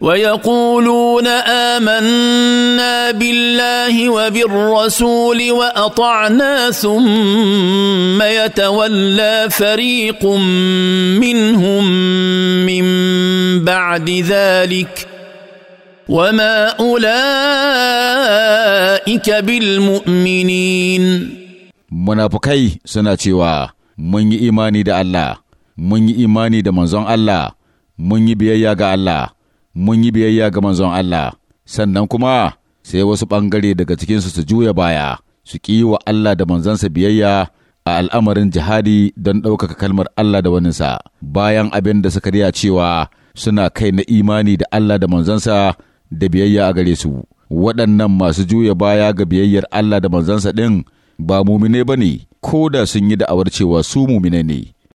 ويقولون امنا بالله وبالرسول واطعنا ثم يتولى فريق منهم من بعد ذلك وما اولئك بالمؤمنين من منافقي سناتيوا من ايماني دا الله من ايماني دا منزون الله من يبيا الله mun yi biyayya ga manzon Allah, sannan kuma sai wasu ɓangare daga cikinsu su juya baya, su ƙi wa Allah da manzansa biyayya a al'amarin jihadi don ɗaukaka kalmar Allah da waninsa, bayan abin da suka riya cewa suna kai na imani da Allah da manzansa da biyayya a gare su. Waɗannan masu juya baya ga biyayyar Allah da manzansa ɗin ba mumine ba ne, ko da sun yi da'awar cewa su mumine ne.